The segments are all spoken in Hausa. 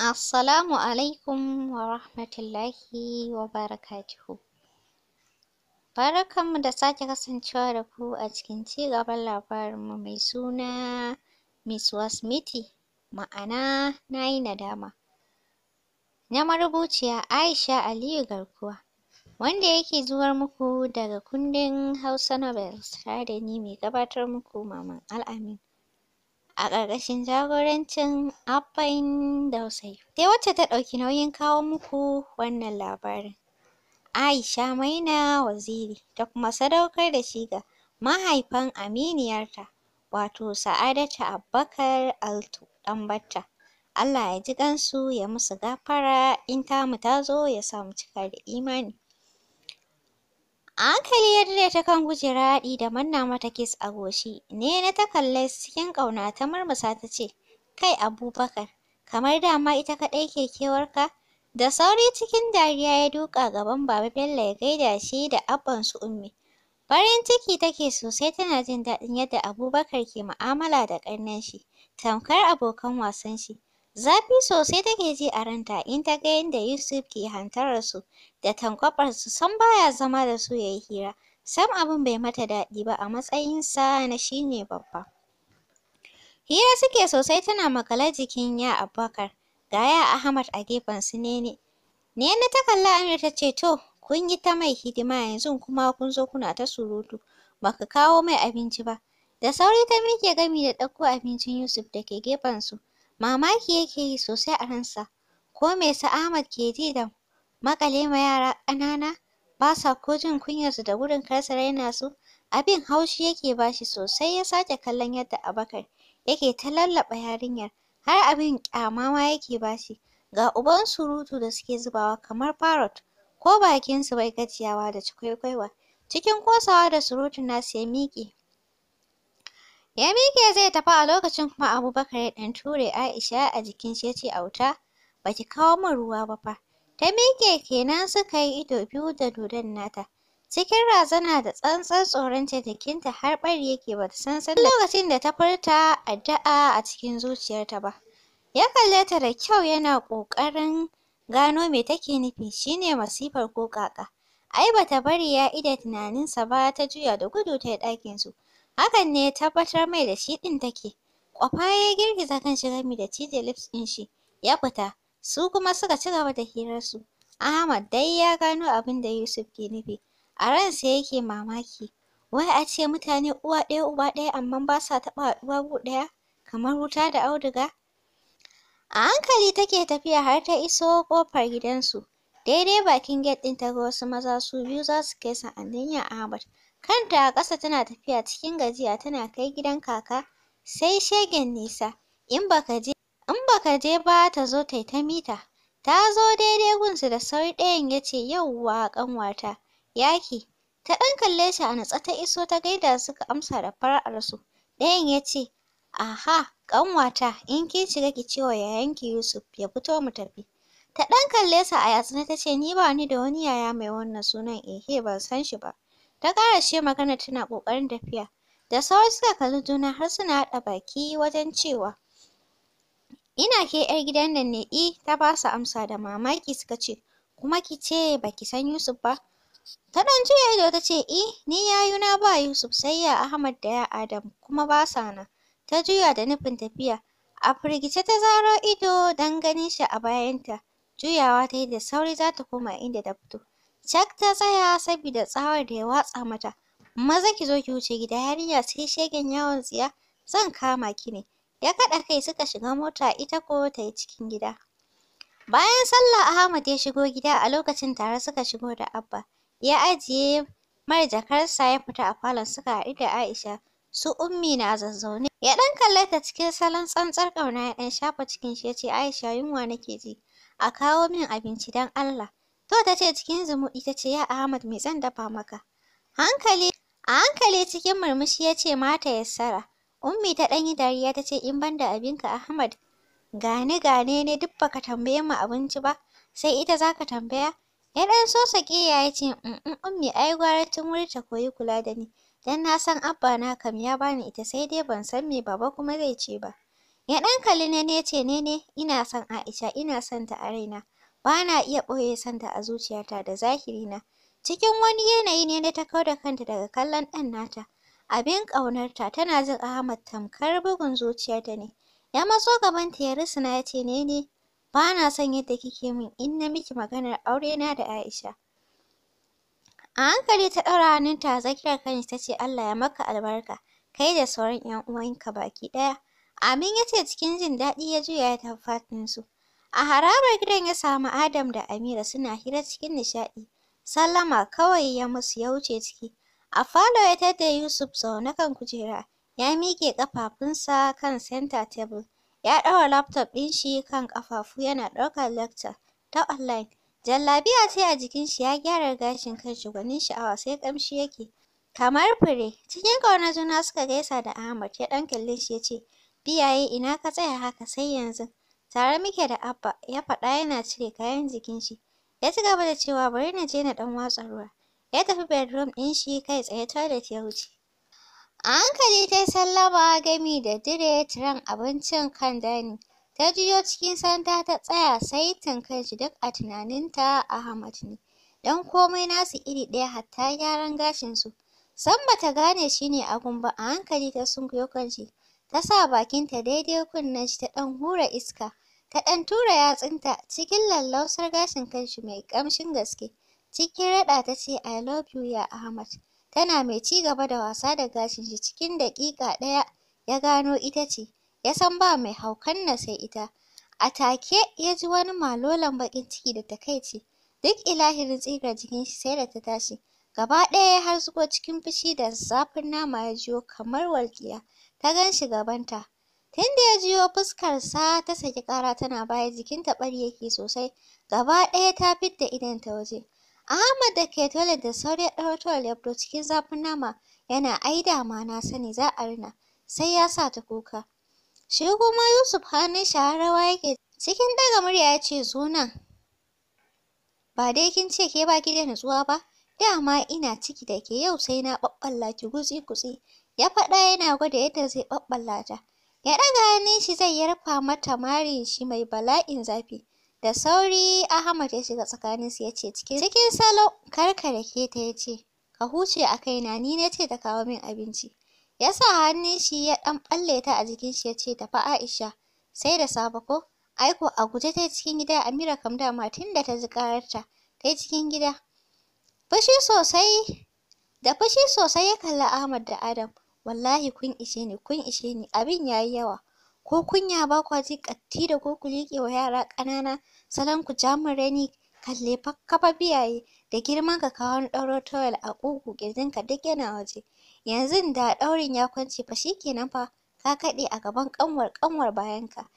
Assalamu alaikum wa rahmatullahi wa barakatuhu. Barakanmu da sake kasancewa da ku a cikin ci gaban labarinmu mai suna Miss Wasmiti, ma'ana na yi nadama. Na marubuciya Aisha Aliyu Garkuwa, wanda yake zuwa muku daga kundin Hausa Novels tare da ni mai gabatar muku Maman Al'amin. a ƙarƙashin jagorancin Abban Dausayi. wacce ta ɗauki nauyin kawo muku wannan labarin. Aisha Maina Waziri ta kuma sadaukar da shi ga mahaifan aminiyarta wato Sa'adatu Abubakar Altu Ɗanbatta. Allah ya ji ƙansu ya musu gafara in tamu ta zo ya sa mu cika da imani. A hankali ya dire ta kan gujera haɗi da manna mata kis a goshi. Ne na ta kalle cikin ƙauna ta murmusa ta ce, Kai Abubakar, kamar dama ita kaɗai ke kewarka? Da sauri cikin dariya ya duka gaban Baba Bello ya gaida shi da abbansu Ummi. Farin ciki take sosai tana jin daɗin yadda Abubakar ke mu'amala da ƙannen shi, tamkar abokan wasan shi. Zafi sosai take ji a ranta in ta ga yadda Yusuf ke hantararsu da tankwaɓarsu sam ba ya zama da su yayi hira. Sam abin bai mata daɗi ba a matsayinsa na shine babba. Hira suke sosai tana makala jikin ya Abubakar, ga ya Ahmad a gefensu Nene. Nene ta kalli Amir ta ce to kun yi ta mai hidima yanzu kuma kun zo kuna ta surutu ba ka kawo mai abinci ba. Da sauri ta miƙe gami da ɗauko abincin Yusuf da ke gefensu. Mamaki yake yi sosai a ransa, ko me su Ahmad ke ji da maƙale ma yara ƙanana ba sa ko jin kunyarsu da wurin karsar yana raina su, abin haushi yake ba shi sosai ya sake kallon yadda Abakar yake ta lallaɓa yarinyar, har abin ƙyama ma yake ba shi, ga uban surutu da suke zubawa kamar parrot, ko bakinsu bai gajiyawa da cikwaikwaiwa, cikin ƙosawa da surutu nasu ya miƙe Ya miƙe zai tafi a lokacin kuma Abubakar ya ɗan ture Aisha a jikin shi ya ce auta baki kawo min ruwa ba fa. Ta miƙe kenan suka yi ido biyu da dodon nata. Cikin razana da tsantsar tsoronta jikinta har ɓari yake ba san san lokacin da ta furta addu'a a cikin zuciyarta ba. Ya kalle ta da kyau yana ƙoƙarin gano me take nufi shine masifar ko ƙaƙa. Ai bata bari ya ida tunaninsa ba ta juya da gudu ta yi ɗakinsu. Hakan ne ya tabbatar mai da shi ɗin take. Kwafa ya girgiza kan shi gami da cije lips ɗin shi, ya fita. Su kuma suka ci gaba da hirarsu. Ahmad dai ya gano abin da Yusuf ke nufi. A ransa yake mamaki. Wai a ce mutane uwa ɗaya uba ɗaya amma ba sa taɓa haɗuwa gu ɗaya kamar wuta da auduga? A hankali take tafiya har ta iso ƙofar gidansu. Daidai bakin gate ɗin ta ga wasu maza su biyu za su kai sa'annin ya Ahmad. Kanta a ƙasa tana tafiya cikin gajiya tana kai gidan kaka, sai shegen nisa, in ba ka je ba ta zo ta ta mita. Ta zo daidai gunsu da sauri ɗayan ya ce yauwa ƙanwata, yaki. Ta ɗan kalle shi a natse ta iso ta gaida suka amsa da fara'arsu. Ɗayan ya ce, aha ƙanwata in kin shiga ki ce wa yayanki Yusuf ya fito mu tafi. Ta ɗan kalle sa a yatsuna ta ce ni ba ni da wani yaya mai wannan sunan ehe ban san shi ba. Ta shi maganar tana ƙoƙarin tafiya. Da sauri suka kalli juna har suna haɗa baki wajen cewa ina ke ‘yar gidan nan ne i e, ta ba su amsa da mamaki suka ce kuma ki ce ba ki san Yusuf ba. Ta ɗan juya ido ta ce i e, ni na ba Yusuf sai ya Ahmad da ya Adam kuma basa sa nan. Ta juya da nufin tafiya. A firgice ta zaro ido don ganin shi a bayanta. Juyawa ta yi da sauri za ta koma inda ta fito. Jack ta tsaya saboda tsawar da ya watsa mata. Maza ki zo ki wuce gida yarinya sai shegen yawon tsiya zan kama ki ne. Ya kaɗa kai suka shiga mota ita ko ta yi cikin gida. Bayan sallah Ahmad ya shigo gida a lokacin tare suka shigo da Abba. Ya ajiye mara jakarsa ya fita a falon suka haɗu da Aisha. Su ummi na zazzaune. Ya ɗan kalle ta cikin salon tsantsar ƙauna ya ɗan shafa cikin shi ya ce Aisha yunwa nake ji. A kawo min abinci don Allah. To ta ce cikin zumuɗi ta ce ya Ahmad mai zan dafa maka? Hankali a hankali cikin murmushi ya ce mata yassara. Ummi ta ɗan yi dariya ta ce in banda abinka Ahmad gane gane ne duk baka tambaye mu abinci ba sai ita zaka tambaya. Ya ɗan so saƙiya ya ce ummi ai gwara tun wuri ta koyi kula da ni. Dan na san abba na kam ya bani ita sai dai ban san me baba kuma zai ce ba. Ya ɗan kalli ne ne ce ne ne ina son Aisha ina son ta a raina. ba na iya ɓoye santa a zuciyata da zahirina. Cikin wani yanayi ne na ta kau da kanta daga kallon ɗan nata. Abin ƙaunarta tana jin Ahmad tamkar bugun zuciyarta ne. Ya matso gabanta ya risina ya ce ne ne ba na son yadda kike min in na miki maganar aurena da Aisha. A hankali ta ɗaura hannunta a tsakiyar kanta ta ce Allah ya maka albarka kai da sauran 'yan uwanka baki ɗaya. Amin ya ce cikin jin daɗi ya juya ya tafi fatinsu. A harabar gidan ya samu Adam da Amira suna hira cikin nishaɗi. Sallama kawai ya musu ya wuce ciki. A falo ya tadda Yusuf zaune kan kujera, ya miƙe ƙafafunsa kan center table. Ya ɗaura laptop ɗin shi kan ƙafafu yana ɗaukar lecture ta online. Jallabiya ce a jikin shi ya gyara gashin kan gwanin sha'awa sai ƙamshi yake. Kamar fure, cikin ƙaunar juna suka gaisa da Ahmad ya ɗan kalle shi ya ce, Biyaye ina ka tsaya haka sai yanzu. Tare muke da Abba, ya faɗa yana cire kayan jikin shi. Ya ci gaba da cewa bari na je na ɗan watsa ruwa. Ya tafi bedroom ɗin shi kai tsaye toilet ya wuce. A hankali ta sallama gami da dire tiran abincin kan dani. Ta jiyo cikin sanda ta tsaya sai kan shi duk a tunaninta Ahmad ne. Dan komai nasu iri ɗaya hatta gyaran gashinsu. San bata gane shi ne agun ba a hankali ta sunkuyo kan shi. Ta sa bakinta daidai kunnen shi ta ɗan hura iska. Ta ɗan tura yatsunta cikin lallausar gashin kanshi mai ƙamshin gaske. Cikin raɗa ta ce I love you ya Ahmad. Tana mai ci gaba da wasa da gashin shi cikin daƙiƙa ɗaya ya gano ita ce. Ya san ba mai haukan na sai ita. A take ya ji wani malolan baƙin ciki da ta ce, Duk ilahirin tsira jikin shi sai da ta tashi. Gaba ɗaya ya zuwa cikin fushi da zafin nama ya jiyo kamar walƙiya ta gan shi gabanta. Tunda ya jiyo fuskarsa ta saki ƙara tana baya jikinta ɓari yake sosai, gaba ɗaya ta fidda idonta waje. Ahmad da ke tole da sauri ya ɗauro cikin zafin nama yana ai dama na sani za a rina sai ya sa ta kuka. Shi kuma Yusuf hannun shaharawa yake cikin daga murya ya ce zo nan. Ba dai kin ce ke ba gidan nutsuwa ba? dama ina ciki da ke yau sai na ɓaɓɓalla ki gutsi-gutsi. Ya faɗa yana gwada yadda zai ɓaɓɓalla ta. Ya ɗaga hannun shi zai yarfa mata marin shi mai bala'in zafi. Da sauri Ahmad ya shiga tsakaninsu ya ce cikin cikin salo karka da ke ta ya ce ka huce a kaina ni na ce ta kawo min abinci. Ya sa hannun shi ya ɗan ɓalle ta a jikin shi ya ce tafi Aisha sai da safe ko. Aiko a guje ta cikin gida Amira kam dama tun da ta ji ƙararta ta cikin gida. Fushi sosai da fushi sosai ya kalli Ahmad da Adam. Wallahi kun ishe ni, kun ishe ni, abin yayi yawa. Ko kunya ba kwa ji katti da ko ku liƙe wa yara ƙanana salon ku ja mun rani kalle fa kafa biyaye da girman ka kawo ni ɗauro towel a ƙugu ka duk yana waje. Yanzu da ɗaurin ya kwance fa shi kenan fa ka kaɗe a gaban ƙanwar ƙanwar ka.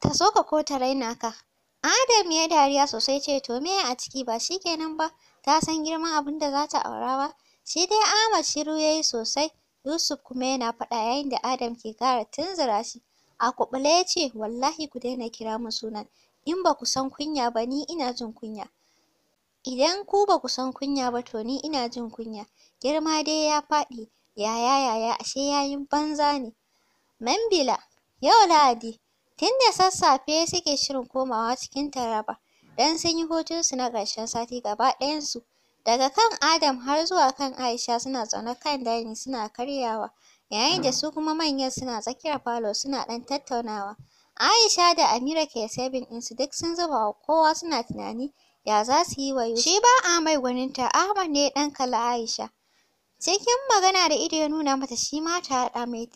Ta so ka ko ta raina ka Adam ya dariya sosai ce to me a ciki ba shi kenan ba ta san girman abin da za ta aura ba. Shi dai Ahmad shiru ya yi sosai Yusuf kuma yana faɗa yayin da Adam ke ƙara tunzura shi. A kuɓule ya ce wallahi ku daina kira mu sunan in ba ku san kunya ba ni ina jin kunya. Idan ku ba ku san kunya ba to ni ina jin kunya. Girma dai ya faɗi yaya yaya ashe yayin banza ne. Mambila yau Lahadi Tun da sassafe suke shirin komawa cikin Taraba don sun yi hutunsu na ƙarshen sati gaba ɗayansu. Daga kan Adam har zuwa kan Aisha suna zaune kan dining suna karyawa, yayin da su kuma manyan suna tsakiyar falo suna ɗan tattaunawa. Aisha da Amira ke saving ɗinsu duk sun zuba wa kowa suna tunani ya za su yi wa Yusuf. Shi ba a mai gwaninta, Ahmad ne ɗan kala Aisha. Cikin magana da ido ya nuna mata shi ma ta haɗa mai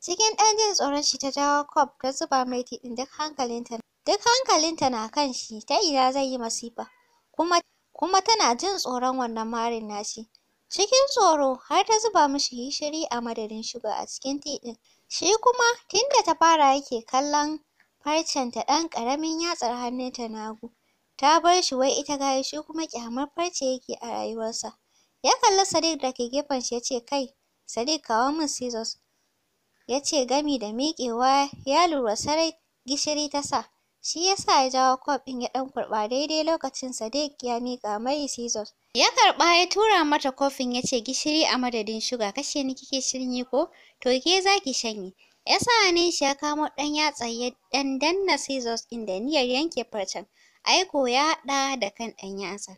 Cikin ɗan jin tsoron shi ta jawo kwaf ta zuba mai tiɗin duk hankalinta duk hankalinta na kan shi ta ina zai yi masifa kuma kuma tana jin tsoron wannan marin nashi. Cikin tsoro har ta zuba mishi gishiri a madadin shuga a cikin tiɗin. Shi kuma tunda ta fara yake kallon farcenta ɗan ƙaramin yatsar hannunta na hagu. Ta bar shi wai ita ga shi kuma ƙyamar farce yake a rayuwarsa. Ya kalli Sadiq da ke gefen shi ya ce kai Sadiq kawo min scissors. ya ce gami da miƙewa ya lura sarai gishiri ta sa. Shi ya sa ya jawo kwaf ɗin ya ɗan kurɓa daidai lokacin Sadiq ya miƙa mai scissors. Ya karɓa ya tura mata kofin ya ce gishiri a madadin shuga kashe ni kike shirin yi ko? To ke za ki shanye. Ya sa ne shi ya kamo ɗan yatsa ya ɗan danna scissors ɗin da niyyar yanke farcen. Aiko ya haɗa da kan ɗan yatsa.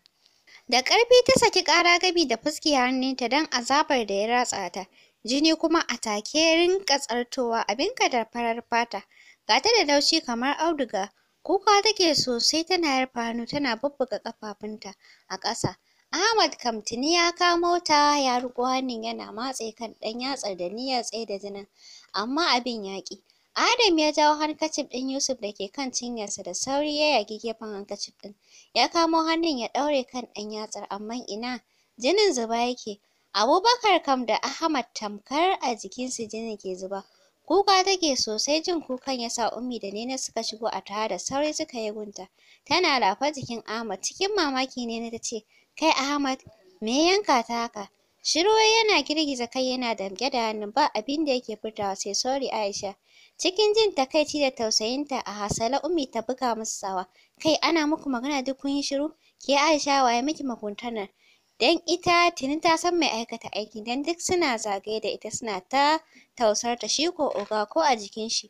Da ƙarfi ta saki ƙara gabi da fuski hannunta don azabar da ya ratsa ta. jini kuma a take rinka tsartowa abinka da farar fata ga ta da laushi kamar auduga kuka take sosai tana yarfa hannu tana bubbuga ƙafafunta a ƙasa Ahmad Kamtini ya kamo ta ya riƙo hannun yana matse kan ɗan yatsar da niyyar da jinin amma abin ya ƙi Adam ya jawo hankacin ɗin Yusuf da ke kan cinyarsa da sauri ya yagi gefen hankacin ɗin. Ya kamo hannun ya ɗaure kan ɗan yatsar amma ina jinin zuba yake. Abubakar kam da Ahmad tamkar a jikinsu jini ke zuba. Kuka take sosai jin kukan ya sa Ummi da Nene suka shigo a tare da sauri suka yi gunta. Tana lafa jikin Ahmad cikin mamaki Nene ta ce, Kai Ahmad, me yanka ta haka? Shiro yana girgiza kai yana damƙe da hannun ba abin da yake furtawa sai sorry Aisha. Cikin jin takaici da tausayinta a hasala Ummi ta buga musu sawa Kai ana muku magana duk kun yi shiru? Ke Aisha waye miki maguntanar? don ita tuni ta san mai aikata aiki don duk suna zagaye da ita suna ta tausar ta shi ko oga ko a jikin shi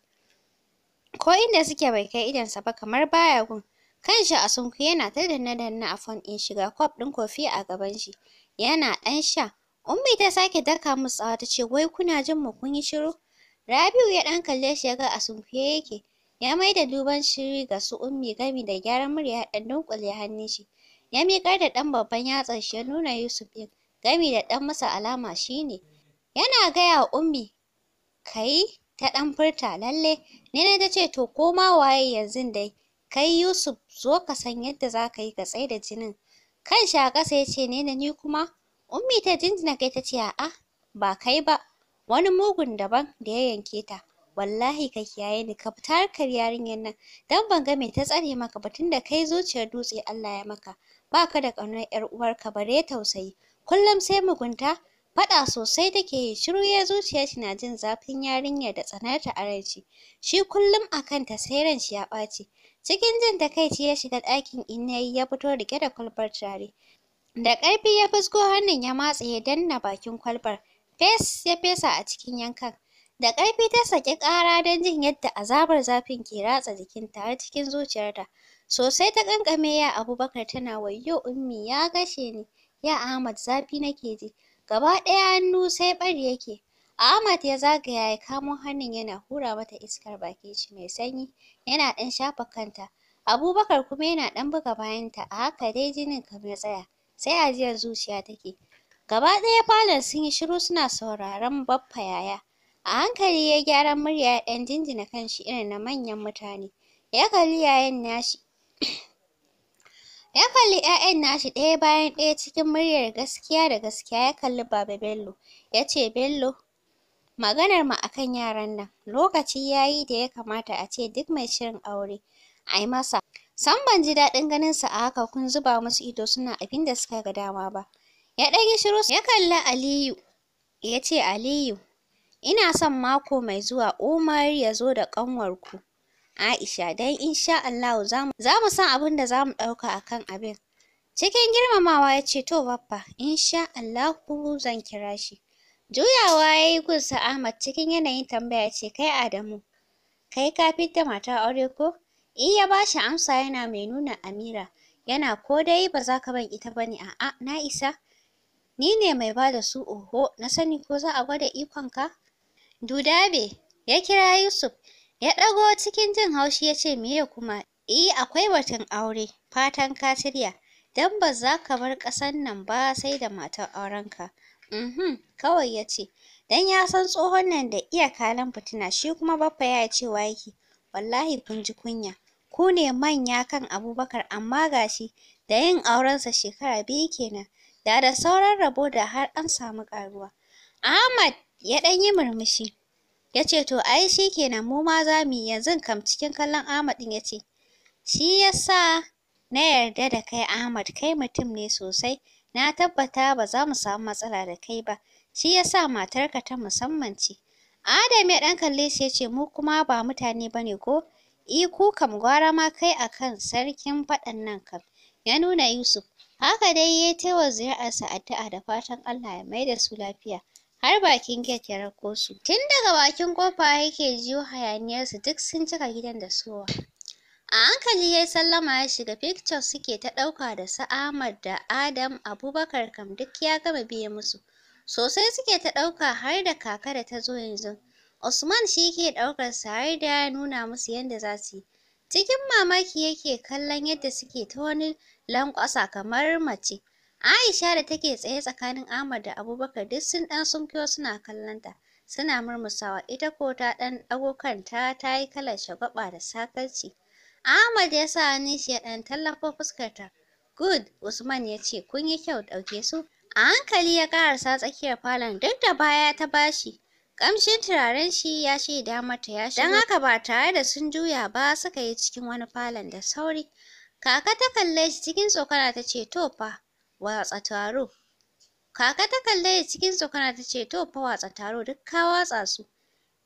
ko inda suke bai kai idonsa ba kamar baya gun kanshi a sunkuye yana ta danne danne a fon ɗin shiga cup ɗin kofi a gaban shi yana ɗan sha ummi ta sake daka masu tsawa ta ce wai kuna jin mu kun yi shiru Rabi'u ya ɗan kalle shi ya ga a sunkuye yake ya maida duban shiri ga su ummi gami da gyaran murya ya ɗan dunƙule hannun shi Ya miƙar da ɗan babban yatsan shi ya nuna Yusuf ɗin, gami da ɗan masa alama shi ne. Yana gaya wa Ummi, kai ta ɗan furta lalle, Nene ta ce to koma waye yanzu dai, kai Yusuf zo ka san yadda za ka yi ka da jinin. Kan shi a ƙasa ya ce ne da ni kuma, Ummi ta jinjina kai ta ce a'a ba kai ba, wani mugun daban da ya yanke ta. wallahi ka kiyaye ni ka fita harkar yarinyar nan dan ban ga me ta tsare maka ba tunda kai zuciyar dutse Allah ya maka ba ka da ƙaunar 'yar uwarka bare tausayi kullum sai mugunta faɗa sosai take yi shiru ya zuciya shi na jin zafin yarinyar da tsanarta a ran shi kullum a kanta sai ran shi ya ɓaci cikin jin takaici ya shiga ɗakin innayi ya fito riƙe da kwalbar tare. da ƙarfi ya fusgo hannun ya matse ya danna bakin kwalbar fes ya fesa a cikin yankan da ƙarfi ta saki ƙara don jin yadda azabar zafin ke ratsa jikinta har cikin zuciyarta Sosai ta ƙanƙame ya Abubakar tana wayyo ummi ya gashe ni. Ya Ahmad zafi nake ji. Gaba ɗaya hannu sai ɓari yake. Ahmad ya zagaya ya kamo hannun yana hura mata iskar bakin shi mai sanyi. Yana ɗan shafa kanta. Abubakar kuma yana ɗan buga bayanta a haka dai jinin kam ya tsaya. Sai ajiyar zuciya take. Gaba ɗaya falon sun yi shiru suna sauraron Baffa Yaya. A hankali ya gyara murya ya ɗan jinjina kanshi irin na manyan mutane. Ya kalli yayan nashi Ya kalli ‘ya'yan nashi ɗaya bayan ɗaya cikin muryar gaskiya da gaskiya ya kalli Baba Bello ya ce, Bello, maganar mu akan yaran nan, lokaci ya yi da ya kamata a ce duk mai shirin aure a yi masa. Sam ban ji daɗin ganin su a haka kun zuba musu ido suna abin da suka ga dama ba. Ya ɗan yi shiru ya kalli Aliyu ya ce, Aliyu, ina son mako mai zuwa Umar ya zo da ƙanwarku. Aisha dan insha Allah za mu san abin da za mu ɗauka a kan abin. Cikin girmamawa ya ce to baffa insha Allahu zan kira shi. Juyawa ya yi gunsa Ahmad cikin yanayin tambaya ce kai Adamu kai ka fidda mata aure ko? In eh, ya bashi amsa yana mai nuna Amira yana ko dai ba za ka ban ita bane a'a na isa. Ni ne mai ba da su oho na sani ko za a gwada ikonka? Dudabe ya kira Yusuf Ya ɗago cikin jin haushi ya ce meye kuma, 'E, akwai batun aure, fatan ka shirya, don ba za ka bar ƙasan nan ba sai da matar aurenka. Mhm, kawai ya ce, don ya san tsohon nan da iya kalan fitina shi kuma baffa ya cewa yake, wallahi kun ji kunya, ku ne manya kan Abubakar amma ga shi da yin aurensa shekara biyu kenan, da da sauran rabo da har an samu ƙaruwa. Ahmad ya ɗan yi murmushi. ya ce to ai shi kenan mu ma za mu yanzu kam cikin kallon Ahmad ɗin ya ce shi ya sa na yarda da kai Ahmad kai mutum ne sosai na tabbata ba za mu samu matsala da kai ba shi ya sa matarka ta musamman ce Adam ya ɗan kalle shi ya ce mu kuma ba mutane ba ne ko i ku kam gwara ma kai akan sarkin faɗan nan kam ya nuna Yusuf haka dai ya yi ta wa addu'a da fatan Allah ya maida su lafiya har bakin gate ya su tun daga bakin kofa yake jiyo hayaniyar su duk sun cika gidan da sowa a hankali yayi sallama ya shiga pictures suke ta ɗauka da su Ahmad da Adam Abubakar kam duk ya gama biye musu sosai suke ta ɗauka har da kaka da ta zo yanzu Usman shi ke ɗaukar su har da ya nuna musu yadda za su yi cikin mamaki yake kallon yadda suke ta wani lanƙwasa kamar mace Aisha da take tsaye tsakanin Ahmad da Abubakar duk sun ɗan sunkiyo suna kallonta. Suna murmusawa ita ko ta ɗan ɗago kanta ta yi kalar shagwaba da sakalci. Ahmad ya sa shi ya ɗan tallafo fuskarta. Good, Usman ya ce, kun yi kyau dauke su. A hankali ya karasa tsakiyar falon duk da baya ta bashi. Kamshin turaren shi ya shaida mata ya shigo. Don haka ba tare da sun juya ba suka yi cikin wani falon da sauri. Kaka ta kalle shi cikin tsokana ta ce, to fa, watsa taro kaka ta kalle cikin tsokana ta ce to fa watsa taro duk ka watsa su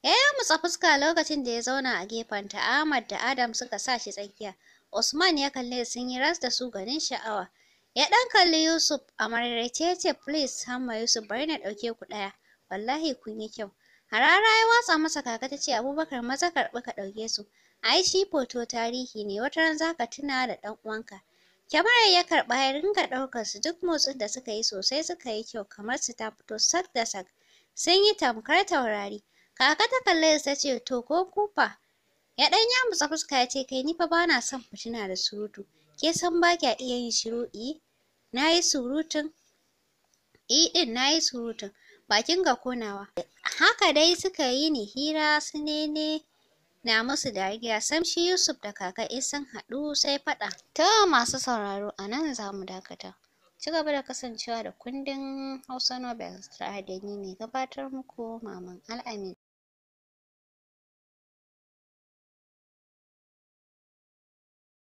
ya mutsa fuska lokacin da ya zauna a gefenta Ahmad da Adam suka sa shi tsakiya Usman ya kalle sun yi ras da su ganin sha'awa ya dan kalli Yusuf a mararece ya ce please hamma Yusuf bari na dauke ku daya wallahi kun yi kyau harara ya watsa masa kaka ta ce Abubakar maza karbi ka dauke su ai shi foto tarihi ne wata ran ka tuna da dan uwanka Kyamarar ya karɓa ya ringa ɗaukar su duk motsin da suka yi sosai suka yi kyau kamar su ta fito sak da sak. Sun yi tamkar taurari. Kaka ta kalle su ta to ko kufa. Ya ɗan fuska ya ce kai ni fa ba son fitina da surutu. Ke san ba kya iya yin shiru i? Eh, na yi surutun. I eh, ɗin na yi surutun. Bakin ga konawa. Haka dai suka yi ni hira su nene. na musu dariya sam shi Yusuf da kaka eh sun haɗu sai faɗa. Ta masu sauraro a nan za mu dakata. Ci gaba da kasancewa da kundin Hausa nobel tare da mai gabatar muku Maman Al'amin.